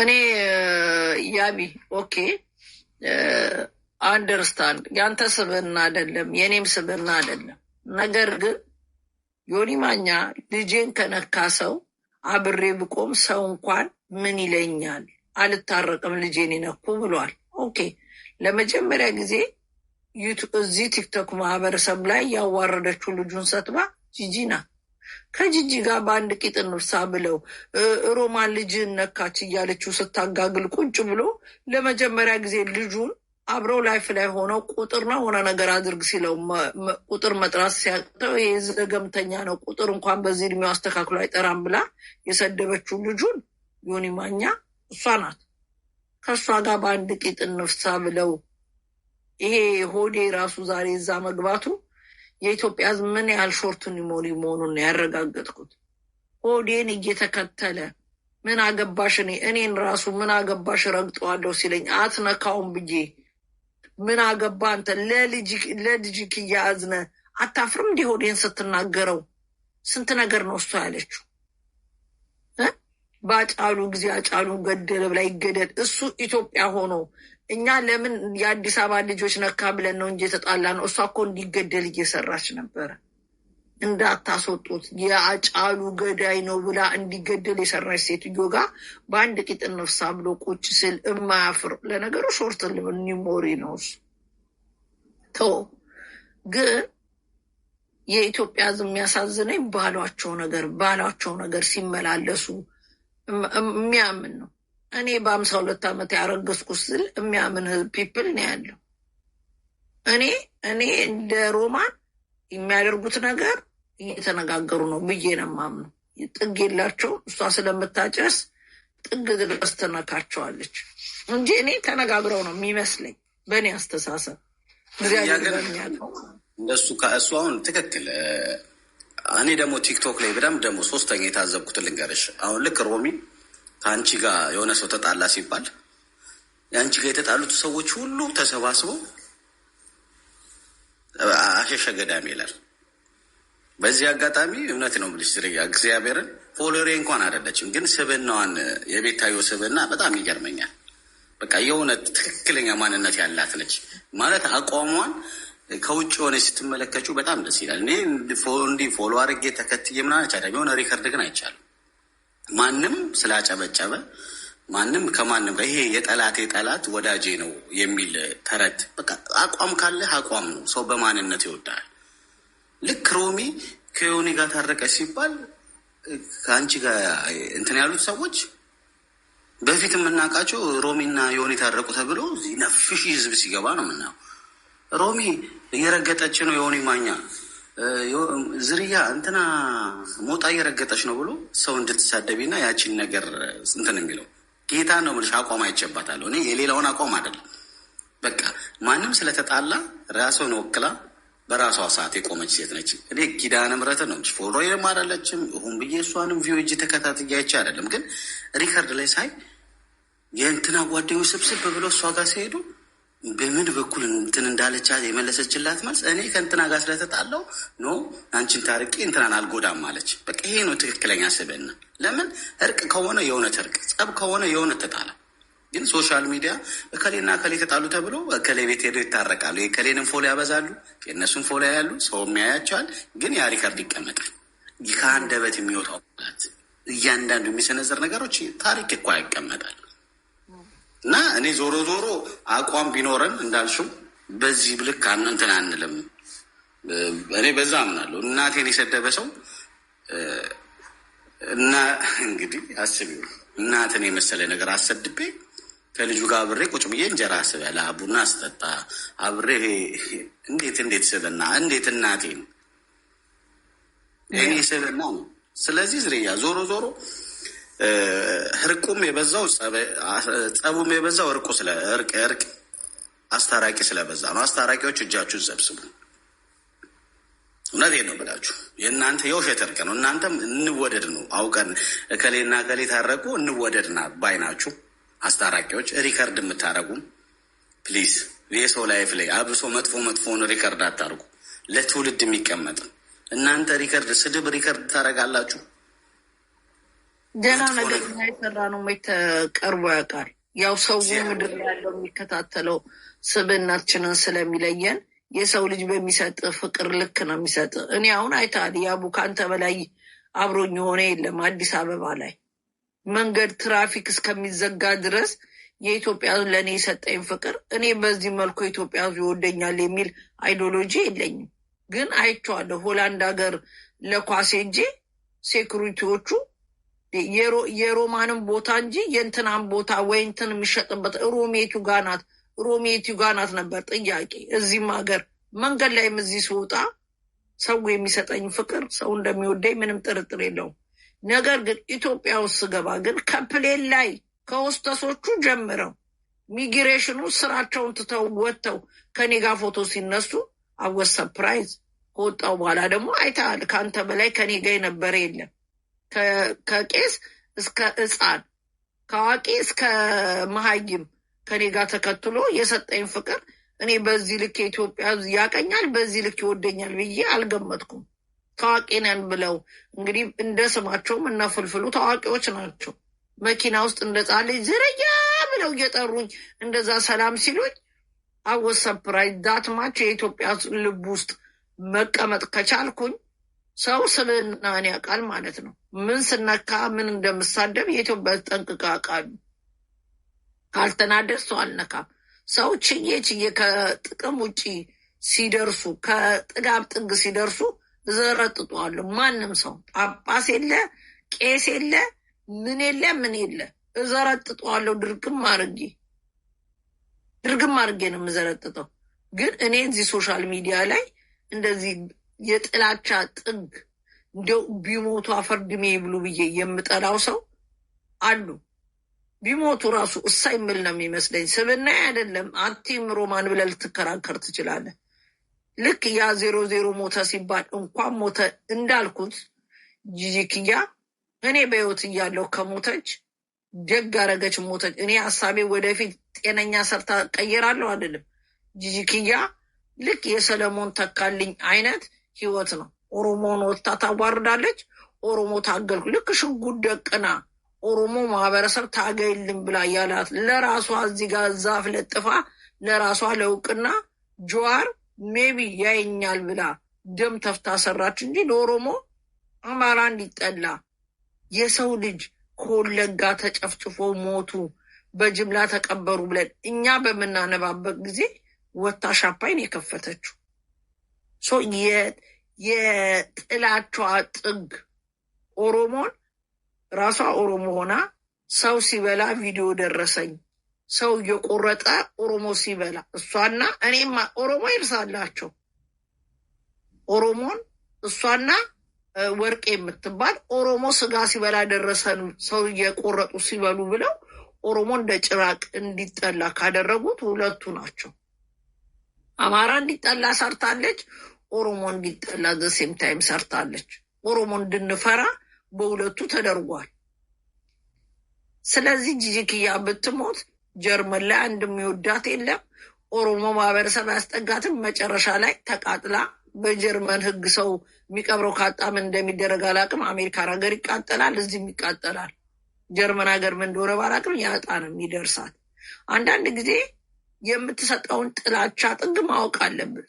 እኔ ያቢ ኦኬ አንደርስታንድ ያንተ ስብና አይደለም፣ የእኔም ስብና አይደለም። ነገር ግን ዮኒ ማኛ ልጄን ከነካ ሰው አብሬ ብቆም ሰው እንኳን ምን ይለኛል? አልታረቅም ልጄን ይነኩ ብሏል። ኦኬ ለመጀመሪያ ጊዜ እዚህ ቲክቶክ ማህበረሰብ ላይ ያዋረደችው ልጁን ሰትባ ጂጂ ናት። ከጂጂ ጋር በአንድ ቂጥ እንርሳ ብለው ሮማን ልጅን ነካች እያለችው ስታጋግል ቁጭ ብሎ ለመጀመሪያ ጊዜ ልጁን አብረው ላይፍ ላይ ሆነው ቁጥር ነው ሆነ ነገር አድርግ ሲለው ቁጥር መጥራት ሲያቅተው ይህ ዘገምተኛ ነው፣ ቁጥር እንኳን በዚህ እድሜው አስተካክሎ አይጠራም ብላ የሰደበችው ልጁን ዮኒ ማኛ እሷ ናት። ከእሷ ጋር በአንድ ቂጥ እንርሳ ብለው ይሄ ሆዴ ራሱ ዛሬ እዛ መግባቱ የኢትዮጵያ ሕዝብ ምን ያህል ሾርት ኒሞሪ መሆኑን ያረጋገጥኩት። ሆዴን እየተከተለ ምን አገባሽ እኔ እኔን ራሱ ምን አገባሽ ረግጠዋለሁ ሲለኝ አትነካውም ብዬ ምን አገባ አንተ ለልጅ ክያ አታፍርም? እንዲህ ሆዴን ስትናገረው ስንት ነገር ነው እሷ ያለችው። በአጫሉ ጊዜ አጫሉ ገደለ ብላ ይገደል እሱ ኢትዮጵያ ሆኖ እኛ ለምን የአዲስ አበባ ልጆች ነካ ብለን ነው እንጂ የተጣላ ነው። እሷ እኮ እንዲገደል እየሰራች ነበረ። እንዳታስወጡት የአጫሉ ገዳይ ነው ብላ እንዲገደል የሰራች ሴትዮ ጋ በአንድ ቂጥን ነፍሳ ብሎ ቁጭ ስል እማያፍር ለነገሩ ሾርት ኒሞሪ ነው እሱ ተው። ግን የኢትዮጵያ ሕዝብ የሚያሳዝነኝ ባሏቸው ነገር ባሏቸው ነገር ሲመላለሱ የሚያምን ነው። እኔ በአምሳ ሁለት ዓመት ያረገዝኩ ስል የሚያምን ህዝብ ፒፕል ነው ያለው። እኔ እኔ እንደ ሮማን የሚያደርጉት ነገር እየተነጋገሩ ነው ብዬ ነው የማምነው። ጥግ የላቸው እሷ ስለምታጨስ ጥግ ድረስ ትነካቸዋለች እንጂ እኔ ተነጋግረው ነው የሚመስለኝ በእኔ አስተሳሰብ። እግዚአብሔር ከእሱ አሁን ትክክል። እኔ ደግሞ ቲክቶክ ላይ በጣም ደግሞ ሶስተኛ የታዘብኩት ልንገርሽ አሁን ልክ ሮሚ ከአንቺ ጋር የሆነ ሰው ተጣላ ሲባል የአንቺ ጋር የተጣሉት ሰዎች ሁሉ ተሰባስበው አሸሸ ገዳሚ ይላል። በዚህ አጋጣሚ እውነት ነው የምልሽ ዝርያ እግዚአብሔርን ፎሎሬ እንኳን አይደለችም፣ ግን ስብናዋን የቤታዮ ስብና በጣም ይገርመኛል። በቃ የእውነት ትክክለኛ ማንነት ያላት ነች ማለት አቋሟን ከውጭ የሆነ ስትመለከችው በጣም ደስ ይላል። እኔ እንዲህ ፎሎ አድርጌ ተከትዬ ምናምን የሆነ ሪከርድ ግን አይቻልም። ማንም ስላጨበጨበ ማንም ከማንም ጋር ይሄ የጠላቴ ጠላት ወዳጄ ነው የሚል ተረት በቃ አቋም ካለህ አቋም ነው። ሰው በማንነት ይወዳል። ልክ ሮሚ ከዮኒ ጋር ታረቀች ሲባል ከአንቺ ጋር እንትን ያሉት ሰዎች በፊት የምናውቃቸው ሮሚና ዮኒ ታረቁ ተብሎ ነፍሽ ህዝብ ሲገባ ነው ምናየው። ሮሚ እየረገጠች ነው ዮኒ ማኛ ዝርያ እንትና ሞጣ እየረገጠች ነው ብሎ ሰው እንድትሳደቢና ያቺን ነገር እንትን የሚለው ጌታ ነው የምልሽ። አቋም አይቼባታለሁ እኔ የሌላውን አቋም አይደለም። በቃ ማንም ስለተጣላ ራሷን ወክላ በራሷ ሰዓት የቆመች ሴት ነች። እኔ ኪዳነ ምሕረት ነው እንጂ ፎሎየርም አይደለችም። ይሁን ብዬ እሷንም ቪዮጅ ተከታትያች አይደለም ግን ሪከርድ ላይ ሳይ የእንትና ጓደኞች ስብስብ ብሎ እሷ ጋር ሲሄዱ በምን በኩል እንትን እንዳለቻ የመለሰችላት መልስ እኔ ከእንትና ጋር ስለተጣለው ኖ አንቺን ታርቄ እንትናን አልጎዳም አለች። በቃ ይሄ ነው ትክክለኛ ስብዕና። ለምን እርቅ ከሆነ የእውነት እርቅ፣ ጸብ ከሆነ የእውነት ተጣለ። ግን ሶሻል ሚዲያ እከሌና እከሌ ተጣሉ ተብሎ እከሌ ቤት ሄዶ ይታረቃሉ። የእከሌንም ፎሎ ያበዛሉ፣ የእነሱን ፎሎ ያሉ ሰውም ያያቸዋል። ግን ያ ሪከርድ ይቀመጣል። ከአንደበት የሚወጣው እያንዳንዱ የሚሰነዘር ነገሮች ታሪክ እኳ ይቀመጣል። እና እኔ ዞሮ ዞሮ አቋም ቢኖረን እንዳልሽው በዚህ ብልክ እንትን አንልም። እኔ በዛ አምናለሁ። እናቴን የሰደበ ሰው እና እንግዲህ አስቢ እናትን የመሰለ ነገር አሰድቤ ከልጁ ጋር አብሬ ቁጭ ብዬ እንጀራ ስበላ ቡና ስጠጣ አብሬ እንዴት እንዴት ስብና እንዴት እናቴን እኔ ስብና ነው። ስለዚህ ዝርያ ዞሮ ዞሮ እርቁም የበዛው ጸቡም የበዛው እርቁ ስለ እርቅ እርቅ አስታራቂ ስለበዛ ነው። አስታራቂዎች እጃችሁን ሰብስቡ። እውነት ነው ብላችሁ የእናንተ የውሸት እርቅ ነው። እናንተም እንወደድ ነው አውቀን እከሌና እከሌ ታረቁ እንወደድና ባይ ናችሁ። አስታራቂዎች ሪከርድ የምታረጉ ፕሊዝ የሰው ላይፍ ላይ አብሶ መጥፎ መጥፎውን ሪከርድ አታርጉ። ለትውልድ የሚቀመጥ እናንተ ሪከርድ ስድብ ሪከርድ ታረጋላችሁ። ገና ነገር የሰራ ነው ተቀርቦ ያውቃል። ያው ሰው ምድር ያለው የሚከታተለው ስብናችንን ስለሚለየን የሰው ልጅ በሚሰጥ ፍቅር ልክ ነው የሚሰጥ። እኔ አሁን አይተሃል፣ ያቡ ከአንተ በላይ አብሮኝ የሆነ የለም። አዲስ አበባ ላይ መንገድ ትራፊክ እስከሚዘጋ ድረስ የኢትዮጵያ ለእኔ የሰጠኝ ፍቅር እኔ በዚህ መልኩ ኢትዮጵያ ይወደኛል የሚል አይዲዮሎጂ የለኝም። ግን አይቼዋለሁ ሆላንድ ሀገር ለኳሴ እንጂ ሴኩሪቲዎቹ የሮማንን ቦታ እንጂ የእንትናን ቦታ ወይ እንትን የሚሸጥበት ሮሜቱ ጋናት ናት፣ ሮሜቱ ጋናት ነበር ጥያቄ። እዚህም ሀገር መንገድ ላይም እዚህ ስወጣ ሰው የሚሰጠኝ ፍቅር ሰው እንደሚወደኝ ምንም ጥርጥር የለውም። ነገር ግን ኢትዮጵያ ውስጥ ስገባ ግን ከፕሌን ላይ ከሆስተሶቹ ጀምረው ሚግሬሽኑ ስራቸውን ትተው ወጥተው ከኔ ጋር ፎቶ ሲነሱ አወዝ ሰፕራይዝ። ከወጣው በኋላ ደግሞ አይተሃል፣ ከአንተ በላይ ከኔ የነበረ የለም። ከቄስ እስከ ሕፃን ከአዋቂ እስከ መሀይም ከኔ ጋር ተከትሎ የሰጠኝ ፍቅር እኔ በዚህ ልክ የኢትዮጵያ ያቀኛል፣ በዚህ ልክ ይወደኛል ብዬ አልገመትኩም። ታዋቂ ነን ብለው እንግዲህ እንደ ስማቸውም እና ፍልፍሉ ታዋቂዎች ናቸው። መኪና ውስጥ እንደ ጻለ ዝርያ ብለው እየጠሩኝ እንደዛ ሰላም ሲሉኝ አወሰፕራይ ዳትማቸው የኢትዮጵያ ልብ ውስጥ መቀመጥ ከቻልኩኝ ሰው ስብዕና እኔ ያውቃል ማለት ነው። ምን ስነካ ምን እንደምሳደብ የኢትዮጵያ ጠንቅቃ ያውቃሉ። ካልተናደድ ሰው አልነካም። ሰው ችዬ ችዬ ከጥቅም ውጭ ሲደርሱ ከጥጋብ ጥግ ሲደርሱ እዘረጥጠዋለሁ። ማንም ሰው ጳጳስ የለ ቄስ የለ ምን የለ ምን የለ እዘረጥጠዋለሁ። ድርግም አርጌ ድርግም አርጌ ነው የምዘረጥጠው። ግን እኔ እዚህ ሶሻል ሚዲያ ላይ እንደዚህ የጥላቻ ጥግ እንደው ቢሞቱ አፈር ድሜ ብሉ ብዬ የምጠላው ሰው አሉ። ቢሞቱ ራሱ እሳ የምል ነው የሚመስለኝ። ስብና አይደለም አቲም ሮማን ብለህ ልትከራከር ትችላለህ። ልክ ያ ዜሮ ዜሮ ሞተ ሲባል እንኳን ሞተ እንዳልኩት ጂጂክያ እኔ በህይወት እያለሁ ከሞተች ደግ አረገች ሞተች። እኔ ሀሳቤ ወደፊት ጤነኛ ሰርታ ቀይራለሁ አይደለም ጂጂክያ ልክ የሰለሞን ተካልኝ አይነት ህይወት ነው። ኦሮሞን ወጥታ ታዋርዳለች። ኦሮሞ ታገልኩ ልክ ሽጉጥ ደቅና ኦሮሞ ማህበረሰብ ታገይልን ብላ እያላት ለራሷ እዚህ ጋር ዛፍ ለጥፋ ለራሷ ለውቅና ጀዋር ሜቢ ያይኛል ብላ ደም ተፍታ ሰራች እንጂ ለኦሮሞ አማራ እንዲጠላ የሰው ልጅ ከወለጋ ተጨፍጭፎ ሞቱ፣ በጅምላ ተቀበሩ ብለን እኛ በምናነባበት ጊዜ ወታ ሻፓይን የከፈተችው የጥላቸዋ ጥግ ኦሮሞን ራሷ ኦሮሞ ሆና ሰው ሲበላ ቪዲዮ ደረሰኝ። ሰው እየቆረጠ ኦሮሞ ሲበላ እሷና እኔማ ኦሮሞ ይርሳላቸው። ኦሮሞን እሷና ወርቅ የምትባል ኦሮሞ ስጋ ሲበላ ደረሰን ሰው እየቆረጡ ሲበሉ ብለው ኦሮሞ እንደ ጭራቅ እንዲጠላ ካደረጉት ሁለቱ ናቸው። አማራ እንዲጠላ ሰርታለች። ኦሮሞ እንዲጠላ ዘሴም ታይም ሰርታለች። ኦሮሞ እንድንፈራ በሁለቱ ተደርጓል። ስለዚህ ጂጂክያ ብትሞት ጀርመን ላይ አንድ የሚወዳት የለም። ኦሮሞ ማህበረሰብ ያስጠጋትም። መጨረሻ ላይ ተቃጥላ በጀርመን ህግ ሰው የሚቀብረው ካጣም እንደሚደረግ አላቅም። አሜሪካን ሀገር ይቃጠላል፣ እዚህም ይቃጠላል። ጀርመን ሀገር ምን እንደሆነ ባላቅም ያጣ ነው የሚደርሳት። አንዳንድ ጊዜ የምትሰጠውን ጥላቻ ጥግ ማወቅ አለብን።